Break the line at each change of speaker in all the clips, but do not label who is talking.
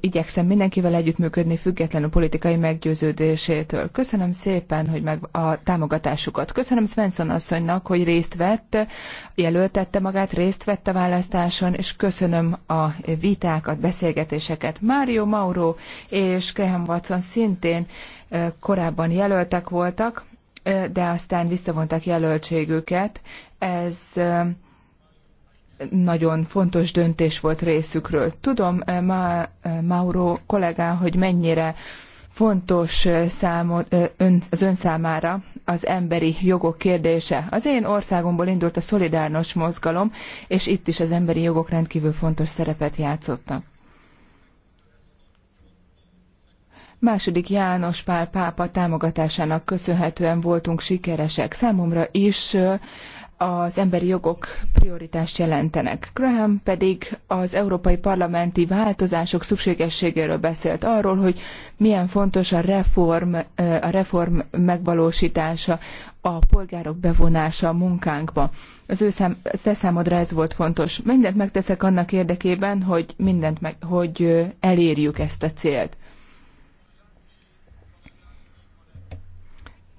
igyekszem mindenkivel együttműködni, függetlenül politikai meggyőződésétől. Köszönöm szépen, hogy meg a támogatásukat. Köszönöm Svensson asszonynak, hogy részt vett, jelöltette magát, részt vett a választáson, és köszönöm a vitákat, beszélgetéseket. Mário Mauro és Graham Watson szintén korábban jelöltek voltak, de aztán visszavonták jelöltségüket. Ez nagyon fontos döntés volt részükről. Tudom, eh, Ma, eh, Mauro kollégám, hogy mennyire fontos eh, számo ön, az ön számára az emberi jogok kérdése. Az én országomból indult a szolidárnos mozgalom, és itt is az emberi jogok rendkívül fontos szerepet játszottak. Második János Pál pápa támogatásának köszönhetően voltunk sikeresek. Számomra is az emberi jogok prioritást jelentenek. Graham pedig az európai parlamenti változások szükségességéről beszélt arról, hogy milyen fontos a reform, a reform megvalósítása, a polgárok bevonása a munkánkba. Az ő szám, te számodra ez volt fontos. Mindent megteszek annak érdekében, hogy mindent meg, hogy elérjük ezt a célt.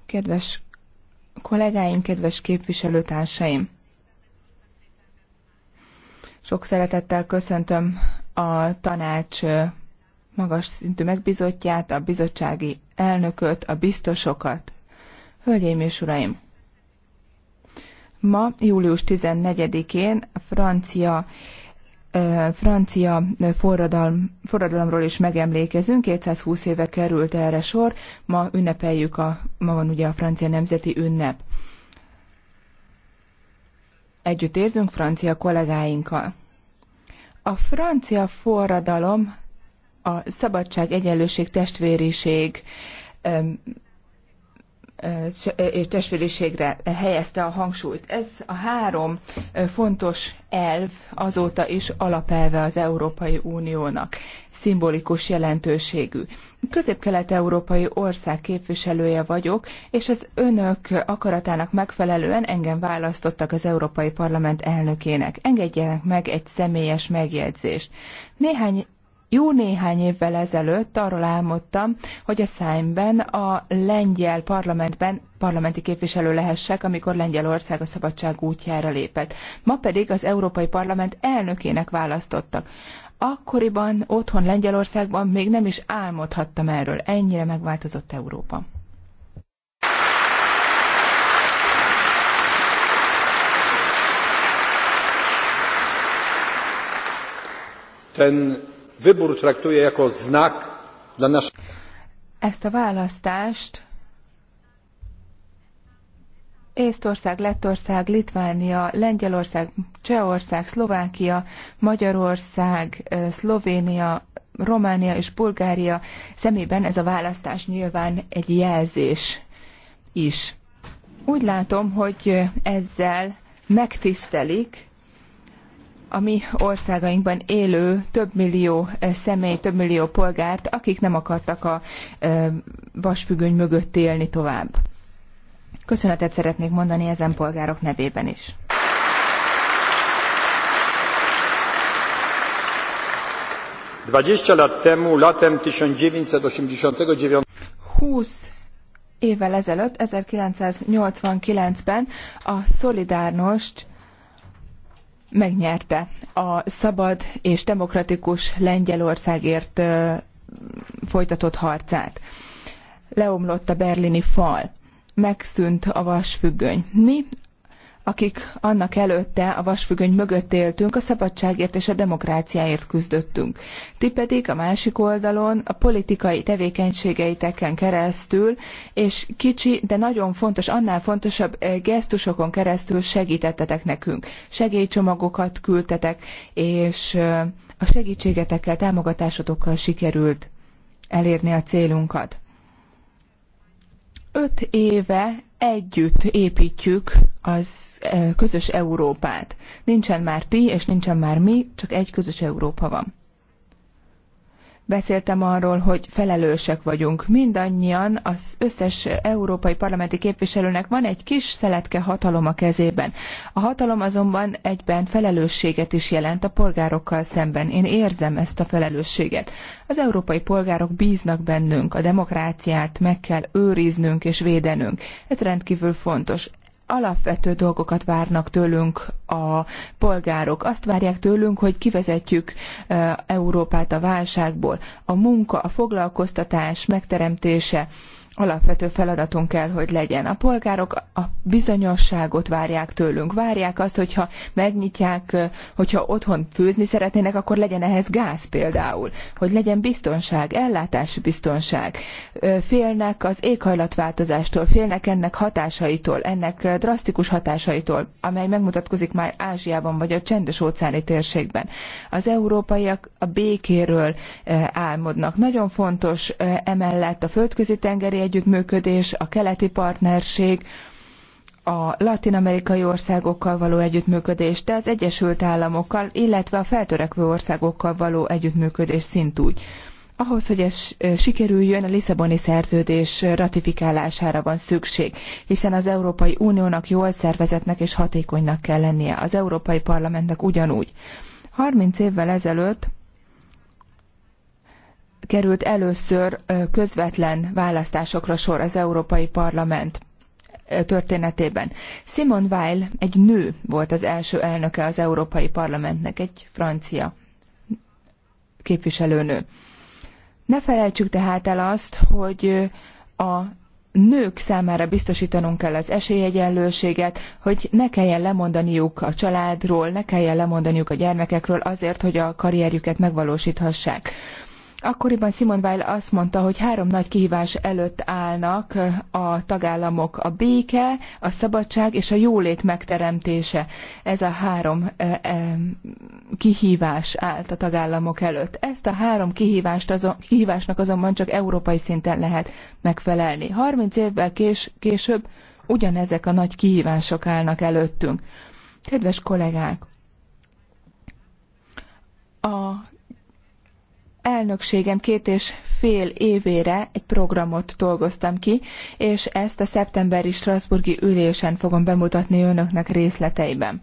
Kedves kollégáim, kedves képviselőtársaim! Sok szeretettel köszöntöm a tanács magas szintű megbizotját, a bizottsági elnököt, a biztosokat. Hölgyeim és uraim! Ma, július 14-én a francia francia forradalm, forradalomról is megemlékezünk, 220 éve került erre sor, ma ünnepeljük, a, ma van ugye a francia nemzeti ünnep. Együtt érzünk francia kollégáinkkal. A francia forradalom a szabadság, egyenlőség, testvériség és testvériségre helyezte a hangsúlyt. Ez a három fontos elv azóta is alapelve az Európai Uniónak, szimbolikus jelentőségű. Közép-kelet-európai ország képviselője vagyok, és az önök akaratának megfelelően engem választottak az Európai Parlament elnökének. Engedjenek meg egy személyes megjegyzést. Néhány jó néhány évvel ezelőtt arról álmodtam, hogy a szájmben a lengyel parlamentben parlamenti képviselő lehessek, amikor Lengyelország a szabadság útjára lépett. Ma pedig az Európai Parlament elnökének választottak. Akkoriban otthon Lengyelországban még nem is álmodhattam erről. Ennyire megváltozott Európa.
Ten wybór traktuje jako znak dla naszego...
Ezt a választást Észtország, Lettország, Litvánia, Lengyelország, Csehország, Szlovákia, Magyarország, Szlovénia, Románia és Bulgária szemében ez a választás nyilván egy jelzés is. Úgy látom, hogy ezzel megtisztelik a mi országainkban élő több millió eh, személy, több millió polgárt, akik nem akartak a eh, vasfüggöny mögött élni tovább. Köszönetet szeretnék mondani ezen polgárok nevében is.
dwadzieścia temu latem tysiąc dziewięćset
évvel ezelőtt 1989-ben a Szolidárnost megnyerte a szabad és demokratikus Lengyelországért folytatott harcát. Leomlott a berlini fal, megszűnt a vasfüggöny. Mi akik annak előtte a vasfüggöny mögött éltünk, a szabadságért és a demokráciáért küzdöttünk. Ti pedig a másik oldalon a politikai tevékenységeiteken keresztül, és kicsi, de nagyon fontos, annál fontosabb eh, gesztusokon keresztül segítettetek nekünk. Segélycsomagokat küldtetek, és eh, a segítségetekkel, támogatásotokkal sikerült elérni a célunkat. Öt éve együtt építjük az eh, közös Európát. Nincsen már ti, és nincsen már mi, csak egy közös Európa van. Beszéltem arról, hogy felelősek vagyunk. Mindannyian, az összes európai parlamenti képviselőnek van egy kis szeletke hatalom a kezében. A hatalom azonban egyben felelősséget is jelent a polgárokkal szemben. Én érzem ezt a felelősséget. Az európai polgárok bíznak bennünk, a demokráciát meg kell őriznünk és védenünk. Ez rendkívül fontos alapvető dolgokat várnak tőlünk a polgárok. Azt várják tőlünk, hogy kivezetjük Európát a válságból. A munka, a foglalkoztatás megteremtése, alapvető feladatunk kell, hogy legyen. A polgárok a bizonyosságot várják tőlünk. Várják azt, hogyha megnyitják, hogyha otthon főzni szeretnének, akkor legyen ehhez gáz például. Hogy legyen biztonság, ellátási biztonság. Félnek az éghajlatváltozástól, félnek ennek hatásaitól, ennek drasztikus hatásaitól, amely megmutatkozik már Ázsiában vagy a csendes óceáni térségben. Az európaiak a békéről álmodnak. Nagyon fontos emellett a földközi tengeri együttműködés, a keleti partnerség, a latin-amerikai országokkal való együttműködés, de az Egyesült Államokkal, illetve a feltörekvő országokkal való együttműködés szintúgy. Ahhoz, hogy ez sikerüljön, a Lisszaboni szerződés ratifikálására van szükség, hiszen az Európai Uniónak jól szervezetnek és hatékonynak kell lennie, az Európai Parlamentnek ugyanúgy. 30 évvel ezelőtt került először közvetlen választásokra sor az Európai Parlament történetében. Simone Weil egy nő volt az első elnöke az Európai Parlamentnek, egy francia képviselőnő. Ne felejtsük tehát el azt, hogy a nők számára biztosítanunk kell az esélyegyenlőséget, hogy ne kelljen lemondaniuk a családról, ne kelljen lemondaniuk a gyermekekről azért, hogy a karrierjüket megvalósíthassák. Akkoriban Simon Weil azt mondta, hogy három nagy kihívás előtt állnak a tagállamok, a béke, a szabadság és a jólét megteremtése. Ez a három e, e, kihívás állt a tagállamok előtt. Ezt a három kihívást azon, kihívásnak azonban csak európai szinten lehet megfelelni. 30 évvel kés, később ugyanezek a nagy kihívások állnak előttünk. Kedves kollégák! A elnökségem két és fél évére egy programot dolgoztam ki, és ezt a szeptemberi Strasburgi ülésen fogom bemutatni önöknek részleteiben.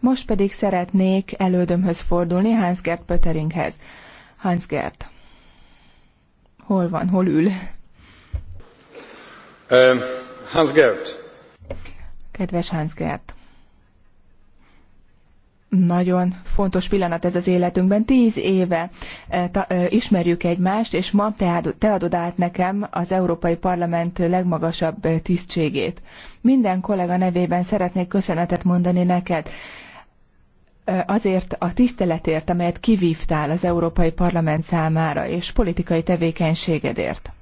Most pedig szeretnék elődömhöz fordulni, Hansgert Pöteringhez. Hansgert, hol van, hol ül? Um,
ehm, Hansgert.
Kedves Hansgert nagyon fontos pillanat ez az életünkben. Tíz éve eh, eh, ismerjük egymást, és ma te adod át nekem az Európai Parlament legmagasabb eh, tisztségét. Minden kollega nevében szeretnék köszönetet mondani neked azért a tiszteletért, amelyet kivívtál az Európai Parlament számára, és politikai tevékenységedért.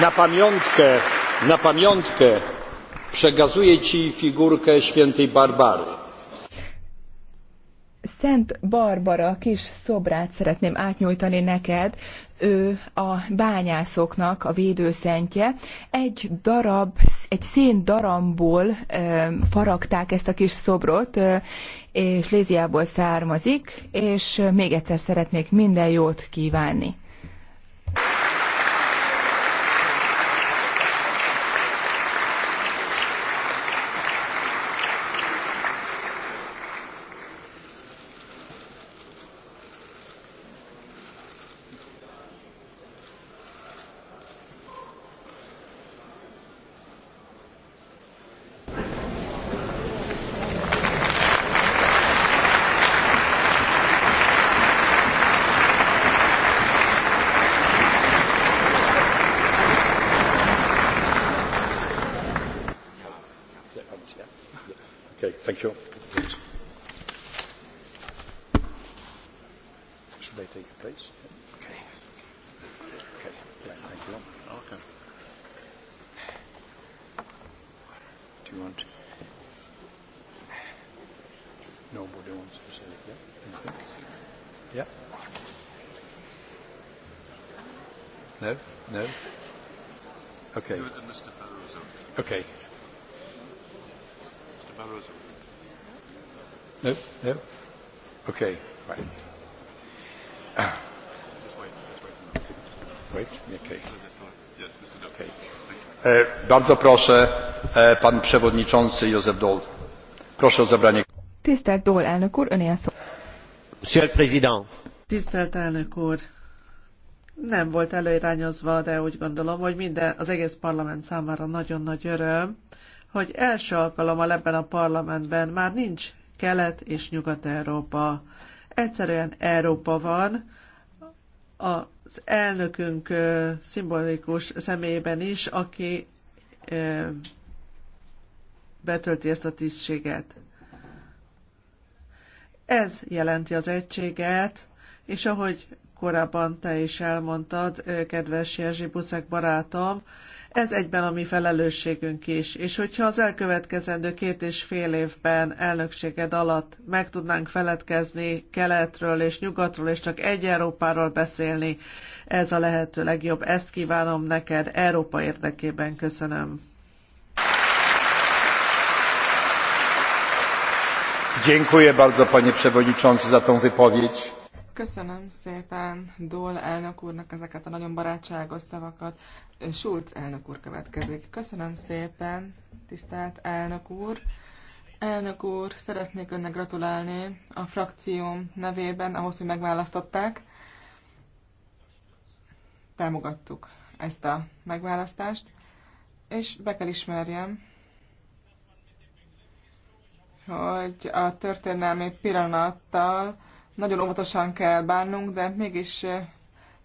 na pamiątkę, na pamiątkę przekazuję ci figurkę świętej Barbary.
Szent Barbara kis szobrát szeretném átnyújtani neked. Ő a bányászoknak a védőszentje. Egy darab, egy szén darabból faragták ezt a kis szobrot, és Léziából származik, és még egyszer szeretnék minden jót kívánni.
E, bardzo proszę, e, pan przewodniczący Józef Dol. Proszę o zabranie.
Tisztelt Dol elnök úr, öné a szó.
Monsieur le Président.
Tisztelt elnök úr. Nem volt előirányozva, de úgy gondolom, hogy minden, az egész parlament számára nagyon nagy öröm, hogy első alkalommal ebben a parlamentben már nincs Kelet és Nyugat-Európa. Egyszerűen Európa van, a az elnökünk szimbolikus személyében is, aki betölti ezt a tisztséget. Ez jelenti az egységet, és ahogy korábban te is elmondtad, kedves Jerzy Buszek barátom, ez egyben a mi felelősségünk is, és hogyha az elkövetkezendő két és fél évben elnökséged alatt meg tudnánk feledkezni keletről és nyugatról, és csak egy Európáról beszélni, ez a lehető legjobb. Ezt kívánom neked Európa érdekében. Köszönöm.
Dziękuję bardzo, panie przewodniczący, za tą wypowiedź.
Köszönöm szépen Dól elnök úrnak ezeket a nagyon barátságos szavakat. Schulz elnök úr következik. Köszönöm szépen, tisztelt elnök úr. Elnök úr, szeretnék önnek gratulálni a frakcióm nevében ahhoz, hogy megválasztották. Támogattuk ezt a megválasztást, és be kell ismerjem, hogy a történelmi pillanattal nagyon óvatosan kell bánnunk, de mégis eh,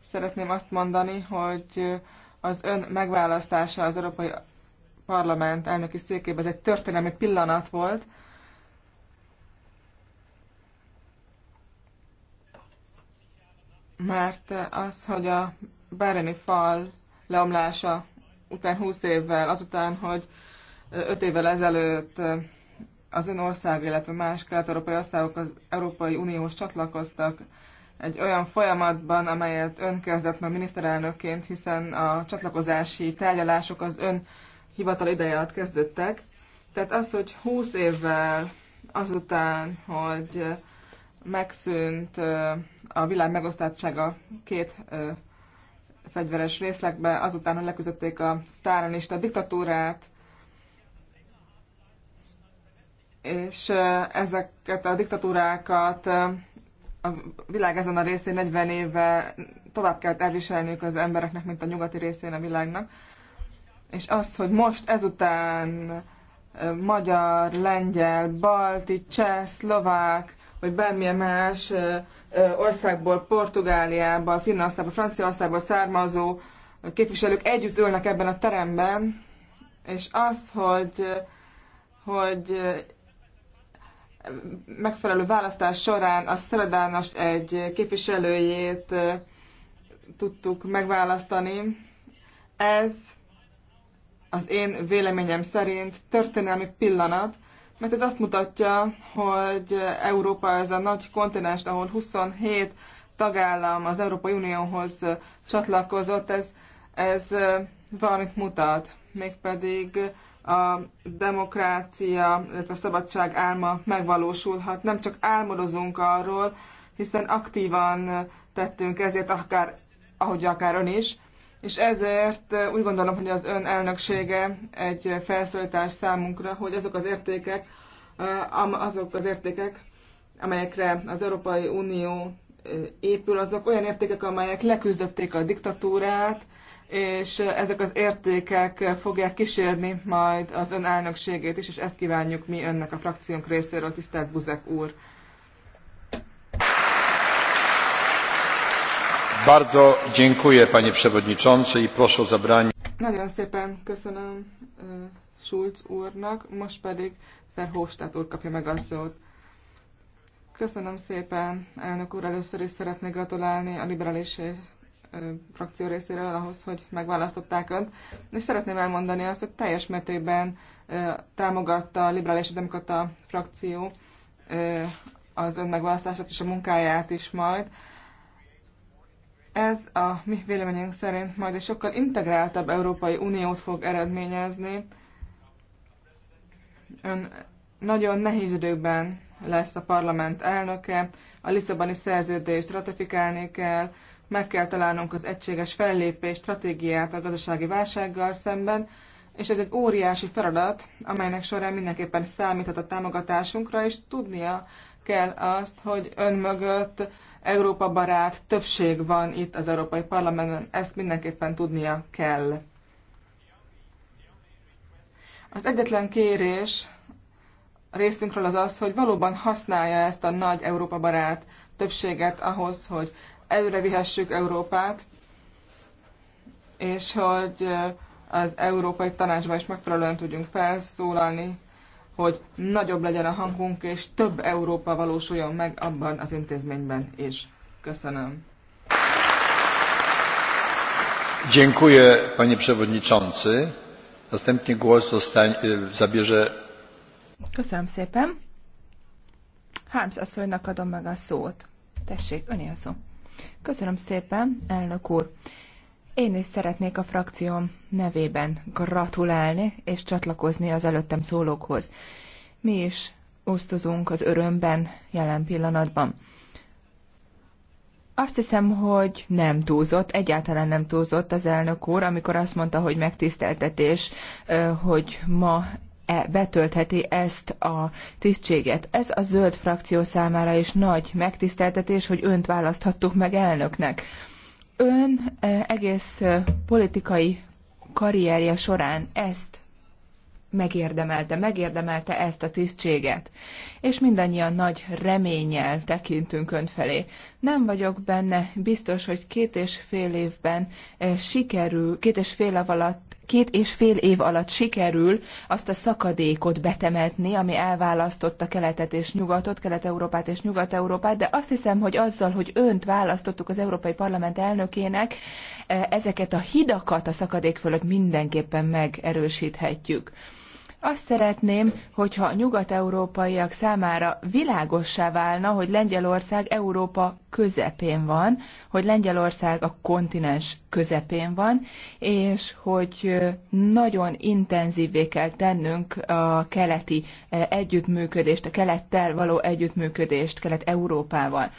szeretném azt mondani, hogy eh, az ön megválasztása az Európai Parlament elnöki székében, ez egy történelmi pillanat volt, mert eh, az, hogy a Bereni fal leomlása után 20 évvel, azután, hogy 5 évvel ezelőtt az ön ország, illetve más kelet-európai országok az Európai Unióhoz csatlakoztak egy olyan folyamatban, amelyet ön kezdett meg miniszterelnökként, hiszen a csatlakozási tárgyalások az ön hivatal ideje alatt kezdődtek. Tehát az, hogy 20 évvel azután, hogy megszűnt a világ megosztottsága két fegyveres részlekbe, azután, hogy leküzdötték a sztálinista diktatúrát, és ezeket a diktatúrákat a világ ezen a részén 40 éve tovább kell elviselniük az embereknek, mint a nyugati részén a világnak. És az, hogy most ezután magyar, lengyel, balti, cseh, szlovák, vagy bármilyen más országból, Portugáliából, Finnországból, Franciaországból származó képviselők együtt ülnek ebben a teremben, és az, hogy, hogy megfelelő választás során a Szeredános egy képviselőjét tudtuk megválasztani. Ez az én véleményem szerint történelmi pillanat, mert ez azt mutatja, hogy Európa ez a nagy kontinens, ahol 27 tagállam az Európai Unióhoz csatlakozott, ez, ez valamit mutat. Mégpedig a demokrácia, illetve a szabadság álma megvalósulhat. Nem csak álmodozunk arról, hiszen aktívan tettünk ezért, akár, ahogy akár ön is, és ezért úgy gondolom, hogy az ön elnöksége egy felszólítás számunkra, hogy azok az értékek, azok az értékek, amelyekre az Európai Unió épül, azok olyan értékek, amelyek leküzdötték a diktatúrát, és ezek az értékek fogják kísérni majd az ön elnökségét is, és ezt kívánjuk mi önnek a frakciónk részéről, tisztelt Buzek úr.
Bardzo dziękuję, panie przewodniczący, i proszę o zabranie.
Nagyon szépen köszönöm e, Schulz úrnak, most pedig Verhofstadt úr kapja meg a szót. Köszönöm szépen, elnök úr, először is szeretnék gratulálni a liberális frakció részéről ahhoz, hogy megválasztották önt. És szeretném elmondani azt, hogy teljes mértékben támogatta a liberális és demokrata frakció az ön megválasztását és a munkáját is majd. Ez a mi véleményünk szerint majd egy sokkal integráltabb Európai Uniót fog eredményezni. Ön nagyon nehéz időkben lesz a parlament elnöke, a Lisszaboni szerződést ratifikálni kell, meg kell találnunk az egységes fellépés stratégiát a gazdasági válsággal szemben, és ez egy óriási feladat, amelynek során mindenképpen számíthat a támogatásunkra, és tudnia kell azt, hogy ön mögött Európa barát többség van itt az Európai Parlamentben, ezt mindenképpen tudnia kell. Az egyetlen kérés részünkről az az, hogy valóban használja ezt a nagy Európa barát többséget ahhoz, hogy előre vihessük Európát, és hogy az Európai Tanácsban is megfelelően tudjunk felszólalni, hogy nagyobb legyen a hangunk, és több Európa valósuljon meg abban az intézményben is. Köszönöm.
Dziękuję, panie przewodniczący. Następnie głos zostań, zabierze...
Köszönöm szépen. Harms asszonynak adom meg a szót. Tessék, önél a szó. Köszönöm szépen, elnök úr. Én is szeretnék a frakcióm nevében gratulálni és csatlakozni az előttem szólókhoz. Mi is osztozunk az örömben jelen pillanatban. Azt hiszem, hogy nem túlzott, egyáltalán nem túlzott az elnök úr, amikor azt mondta, hogy megtiszteltetés, hogy ma -e betöltheti ezt a tisztséget. Ez a zöld frakció számára is nagy megtiszteltetés, hogy önt választhattuk meg elnöknek. Ön e, egész e, politikai karrierje során ezt megérdemelte, megérdemelte ezt a tisztséget. És mindannyian nagy reménnyel tekintünk ön felé. Nem vagyok benne biztos, hogy két és fél évben e, sikerül, két és fél év alatt két és fél év alatt sikerül azt a szakadékot betemetni, ami elválasztotta keletet és nyugatot, kelet-európát és nyugat-európát, de azt hiszem, hogy azzal, hogy önt választottuk az Európai Parlament elnökének, eh, ezeket a hidakat a szakadék fölött mindenképpen megerősíthetjük. Azt szeretném, hogyha a nyugat-európaiak számára világossá válna, hogy Lengyelország Európa közepén van, hogy Lengyelország a kontinens közepén van, és hogy nagyon intenzívvé kell tennünk a keleti együttműködést, a kelettel való együttműködést, kelet-európával.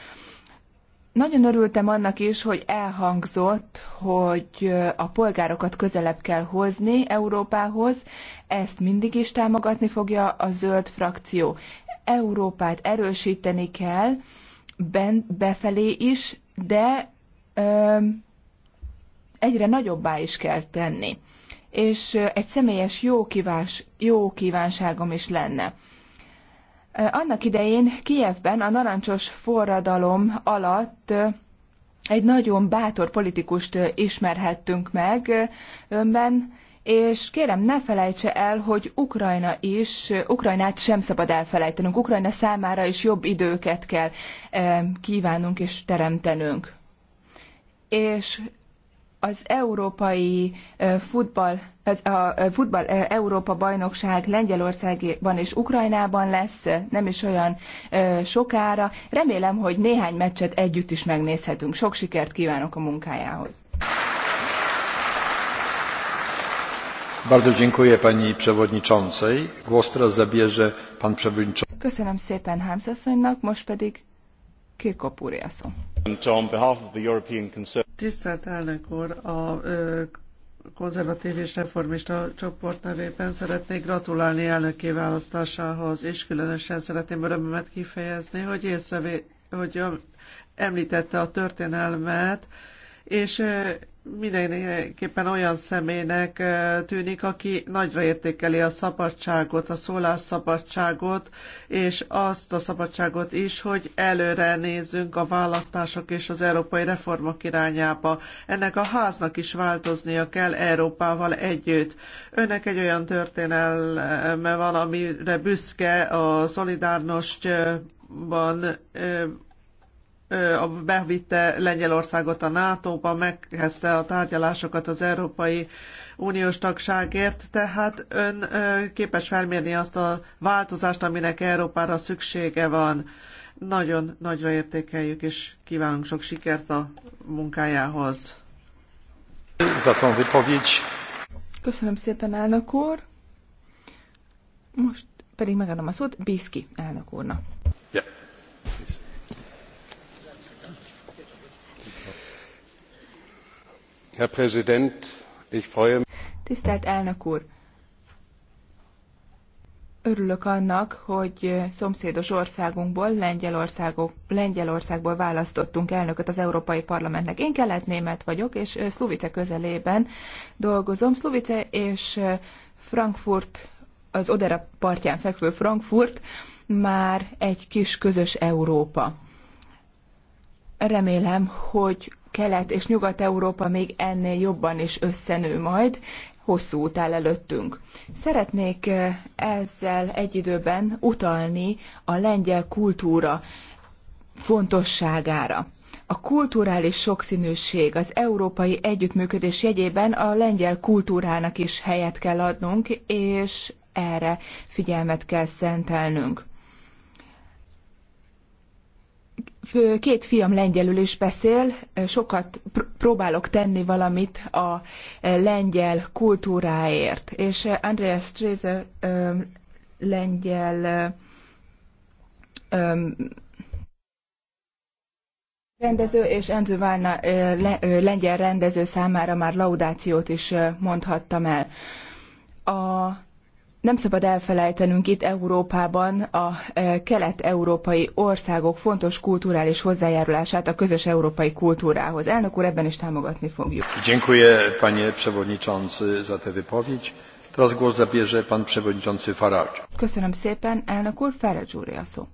Nagyon örültem annak is, hogy elhangzott, hogy a polgárokat közelebb kell hozni Európához, ezt mindig is támogatni fogja a zöld frakció. Európát erősíteni kell, ben, befelé is, de ö, egyre nagyobbá is kell tenni. És egy személyes jó, kívás, jó kívánságom is lenne. Annak idején Kijevben a narancsos forradalom alatt egy nagyon bátor politikust ismerhettünk meg önben, és kérem, ne felejtse el, hogy Ukrajna is, Ukrajnát sem szabad elfelejtenünk. Ukrajna számára is jobb időket kell kívánunk és teremtenünk. És az európai futball ez a futball e, Európa bajnokság Lengyelországban és Ukrajnában lesz, nem is olyan e, sokára. Remélem, hogy néhány meccset együtt is megnézhetünk. Sok sikert kívánok a munkájához.
Bardzo dziękuję pani przewodniczącej. Głos teraz zabierze pan przewodniczący.
Köszönöm szépen Hámszasszonynak, most pedig Kirkop
Tisztelt elnök úr, a konzervatív és reformista csoport nevében szeretnék gratulálni elnöki választásához, és különösen szeretném örömömet kifejezni, hogy észrevé, hogy említette a történelmet, és mindenképpen olyan személynek tűnik, aki nagyra értékeli a szabadságot, a szólásszabadságot, és azt a szabadságot is, hogy előre nézzünk a választások és az európai reformok irányába. Ennek a háznak is változnia kell Európával együtt. Önnek egy olyan történelme van, amire büszke a szolidárnost a bevitte Lengyelországot a NATO-ba, megkezdte a tárgyalásokat az Európai Uniós tagságért, tehát ön képes felmérni azt a változást, aminek Európára szüksége van. Nagyon nagyra értékeljük, és kívánunk sok sikert a munkájához.
Köszönöm szépen, elnök úr. Most pedig megadom a szót Biszki elnök úrnak.
Yeah. Herr Präsident, ich freue mich.
Tisztelt elnök úr! Örülök annak, hogy szomszédos országunkból, Lengyelországok, Lengyelországból választottunk elnököt az Európai Parlamentnek. Én kelet-német vagyok, és Szluvice közelében dolgozom. Szluvice és Frankfurt, az Odera partján fekvő Frankfurt már egy kis közös Európa. Remélem, hogy Kelet és Nyugat-Európa még ennél jobban is összenő majd, hosszú út áll előttünk. Szeretnék eh, ezzel egy időben utalni a lengyel kultúra fontosságára. A kulturális sokszínűség az európai együttműködés jegyében a lengyel kultúrának is helyet kell adnunk, és erre figyelmet kell szentelnünk két fiam lengyelül is beszél, sokat próbálok tenni valamit a e, lengyel kultúráért. És e, Andreas Streiser e, lengyel rendező és Enzo Várna lengyel rendező számára már laudációt is mondhattam el. A nem szabad elfelejtenünk itt Európában a e, kelet-európai országok fontos kulturális hozzájárulását a közös európai kultúrához. Elnök úr, ebben is támogatni fogjuk.
Dziękuję, panie przewodniczący, za tę wypowiedź. Teraz zabierze pan przewodniczący Farage.
Köszönöm szépen, elnök úr,
Farage úr a szó.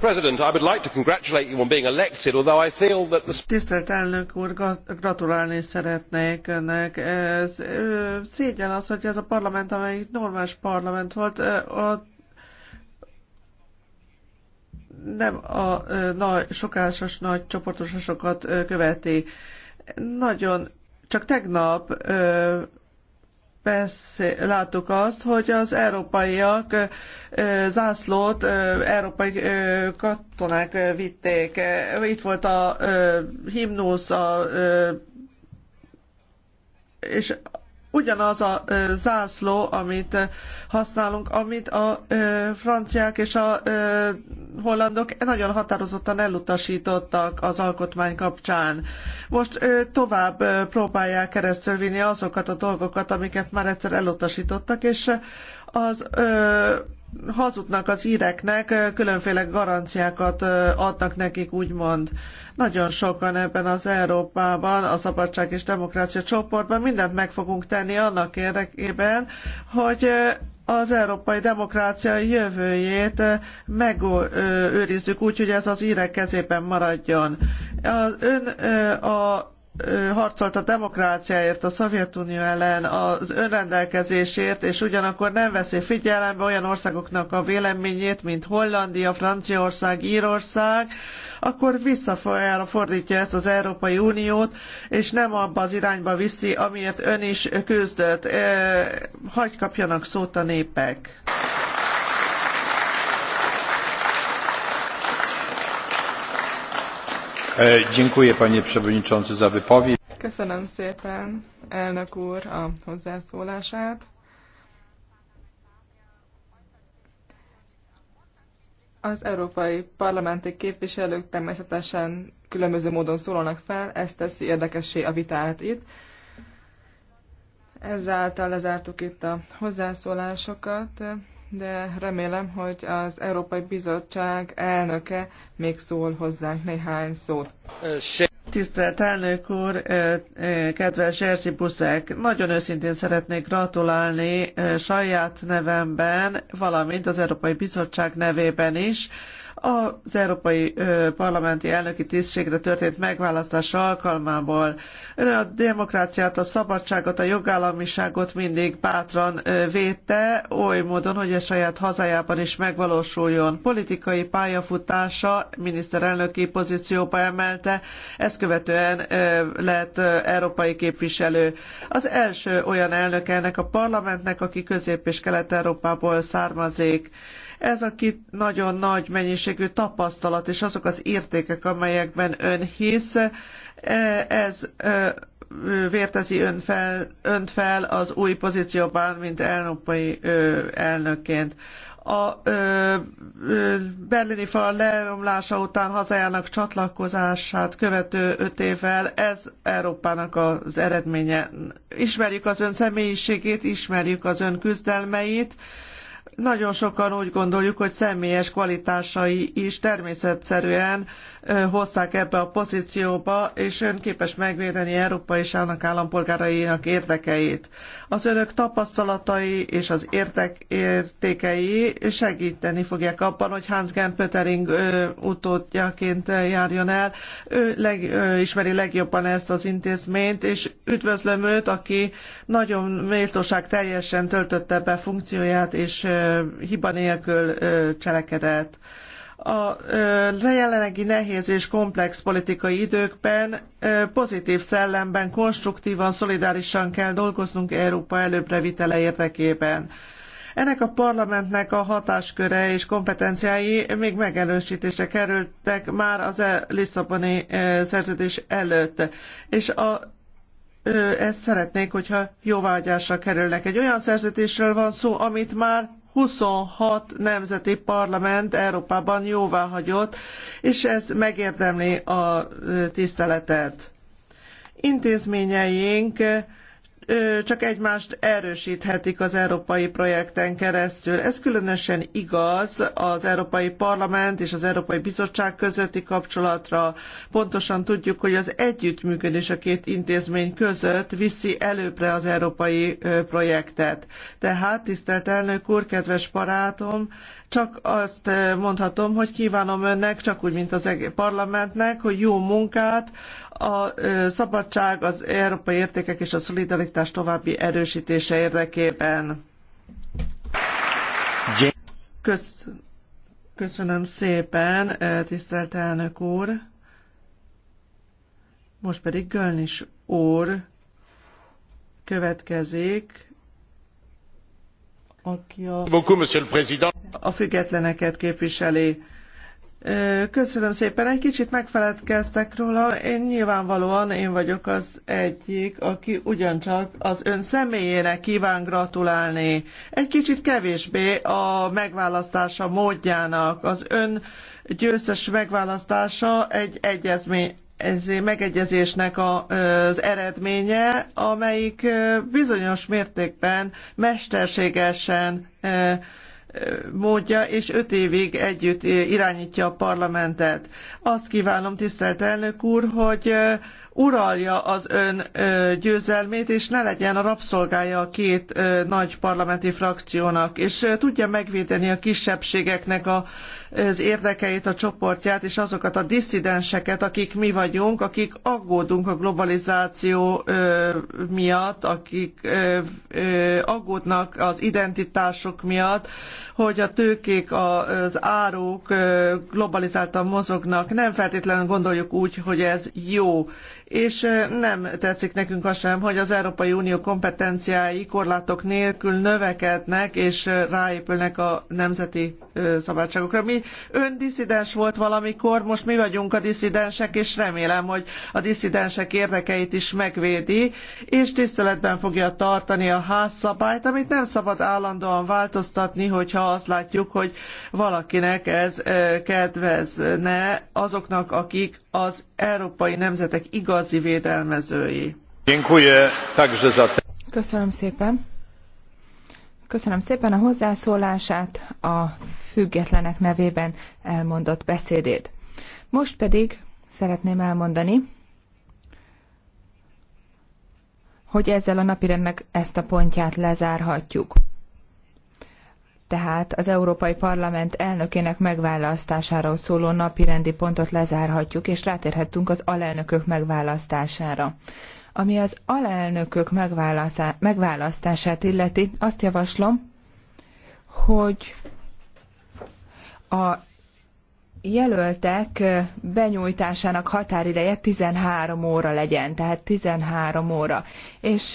President, I would like to congratulate you on being elected, although I feel that the...
Tisztelt elnök úr, gratulálni szeretnék önnek. Ez, szégyen az, hogy ez a parlament, amely normális parlament volt, ö, nem a nagy, sokásos nagy csoportosokat követi. Nagyon csak tegnap láttuk azt, hogy az európaiak zászlót európai katonák vitték. Itt volt a himnusz, a és ugyanaz a zászló, amit használunk, amit a franciák és a hollandok nagyon határozottan elutasítottak az alkotmány kapcsán. Most tovább próbálják vinni azokat a dolgokat, amiket már egyszer elutasítottak, és az hazudnak az íreknek, különféle garanciákat adnak nekik, úgymond. Nagyon sokan ebben az Európában, a Szabadság és Demokrácia csoportban mindent meg fogunk tenni annak érdekében, hogy az európai demokrácia jövőjét megőrizzük úgy, hogy ez az írek kezében maradjon. Ön a harcolt a demokráciáért, a Szovjetunió ellen, az önrendelkezésért, és ugyanakkor nem veszi figyelembe olyan országoknak a véleményét, mint Hollandia, Franciaország, Írország, akkor visszafolyára fordítja ezt az Európai Uniót, és nem abba az irányba viszi, amiért ön is küzdött. Hagy kapjanak szót a népek.
E, dziękuję, panie przewodniczący, za wypowiedź.
Köszönöm szépen, elnök úr, a hozzászólását. Az európai parlamenti képviselők természetesen különböző módon szólalnak fel, ez teszi érdekessé a vitát itt. Ezáltal lezártuk itt a hozzászólásokat de remélem, hogy az Európai
Bizottság elnöke még szól hozzánk néhány szót. Tisztelt elnök úr, kedves Erzsi Buszek, nagyon őszintén szeretnék gratulálni saját nevemben, valamint az Európai Bizottság nevében is, az Európai Parlamenti Elnöki Tisztségre történt megválasztása alkalmából. Ön a demokráciát, a szabadságot, a jogállamiságot mindig bátran védte, oly módon, hogy a saját hazájában is megvalósuljon. Politikai pályafutása miniszterelnöki pozícióba emelte, ezt követően lett európai képviselő. Az első olyan elnöke ennek a parlamentnek, aki közép- és kelet-európából származik. Ez a kit nagyon nagy mennyiségű tapasztalat, és azok az értékek, amelyekben ön hisz, e, ez e, vértezi ön fel, önt fel az új pozícióban, mint európai elnökként a ö, ö, berlini fal leomlása után hazájának csatlakozását követő öt évvel ez Európának az eredménye. Ismerjük az ön személyiségét, ismerjük az ön küzdelmeit, nagyon sokan úgy gondoljuk, hogy személyes kvalitásai is természetszerűen hozták ebbe a pozícióba, és ön képes megvédeni Európa és annak állampolgárainak érdekeit. Az önök tapasztalatai és az értékei segíteni fogják abban, hogy Hans Gern Pöttering utódjaként járjon el. Ő, leg, ismeri legjobban ezt az intézményt, és üdvözlöm őt, aki nagyon méltóság teljesen töltötte be funkcióját, és hiba nélkül cselekedett. A jelenlegi nehéz és komplex politikai időkben pozitív szellemben, konstruktívan, szolidárisan kell dolgoznunk Európa előbbre vitele érdekében. Ennek a parlamentnek a hatásköre és kompetenciái még megerősítésre kerültek már az e- Lisszaboni szerződés előtt, és a ezt szeretnék, hogyha jóvágyásra kerülnek. Egy olyan szerződésről van szó, amit már 26 nemzeti parlament Európában jóváhagyott, és ez megérdemli a tiszteletet. Intézményeink csak egymást erősíthetik az európai projekten keresztül. Ez különösen igaz az Európai Parlament és az Európai Bizottság közötti kapcsolatra. Pontosan tudjuk, hogy az együttműködés a két intézmény között viszi előbbre az európai projektet. Tehát, tisztelt elnök úr, kedves barátom, csak azt mondhatom, hogy kívánom önnek, csak úgy, mint az parlamentnek, hogy jó munkát, a szabadság, az európai értékek és a szolidaritás további erősítése érdekében. Köszönöm szépen, tisztelt elnök úr. Most pedig Gölnis úr következik, aki a, a függetleneket képviseli. Köszönöm szépen. Egy kicsit megfeledkeztek róla. Én nyilvánvalóan én vagyok az egyik, aki ugyancsak az ön személyének kíván gratulálni. Egy kicsit kevésbé a megválasztása módjának. Az ön győztes megválasztása egy egyezmény, ez megegyezésnek az eredménye, amelyik bizonyos mértékben mesterségesen módja, és öt évig együtt irányítja a parlamentet. Azt kívánom, tisztelt elnök úr, hogy uralja az ön győzelmét, és ne legyen a rabszolgája a két nagy parlamenti frakciónak, és tudja megvédeni a kisebbségeknek a, az érdekeit, a csoportját, és azokat a disszidenseket, akik mi vagyunk, akik aggódunk a globalizáció miatt, akik aggódnak az identitások miatt, hogy a tőkék, az áruk globalizáltan mozognak. Nem feltétlenül gondoljuk úgy, hogy ez jó és nem tetszik nekünk az sem, hogy az Európai Unió kompetenciái korlátok nélkül növekednek és ráépülnek a nemzeti szabadságokra. Mi ön diszidens volt valamikor, most mi vagyunk a diszidensek, és remélem, hogy a diszidensek érdekeit is megvédi, és tiszteletben fogja tartani a házszabályt, amit nem szabad állandóan változtatni, hogyha azt látjuk, hogy valakinek ez kedvezne azoknak, akik az európai nemzetek igaz igazi védelmezői. Köszönöm szépen.
Köszönöm szépen a hozzászólását, a függetlenek nevében elmondott beszédét. Most pedig szeretném elmondani, hogy ezzel a napirendnek ezt a pontját lezárhatjuk tehát az Európai Parlament elnökének megválasztásáról szóló napirendi pontot lezárhatjuk, és rátérhettünk az alelnökök megválasztására. Ami az alelnökök megválasztását illeti, azt javaslom, hogy a jelöltek benyújtásának határideje 13 óra legyen, tehát 13 óra. És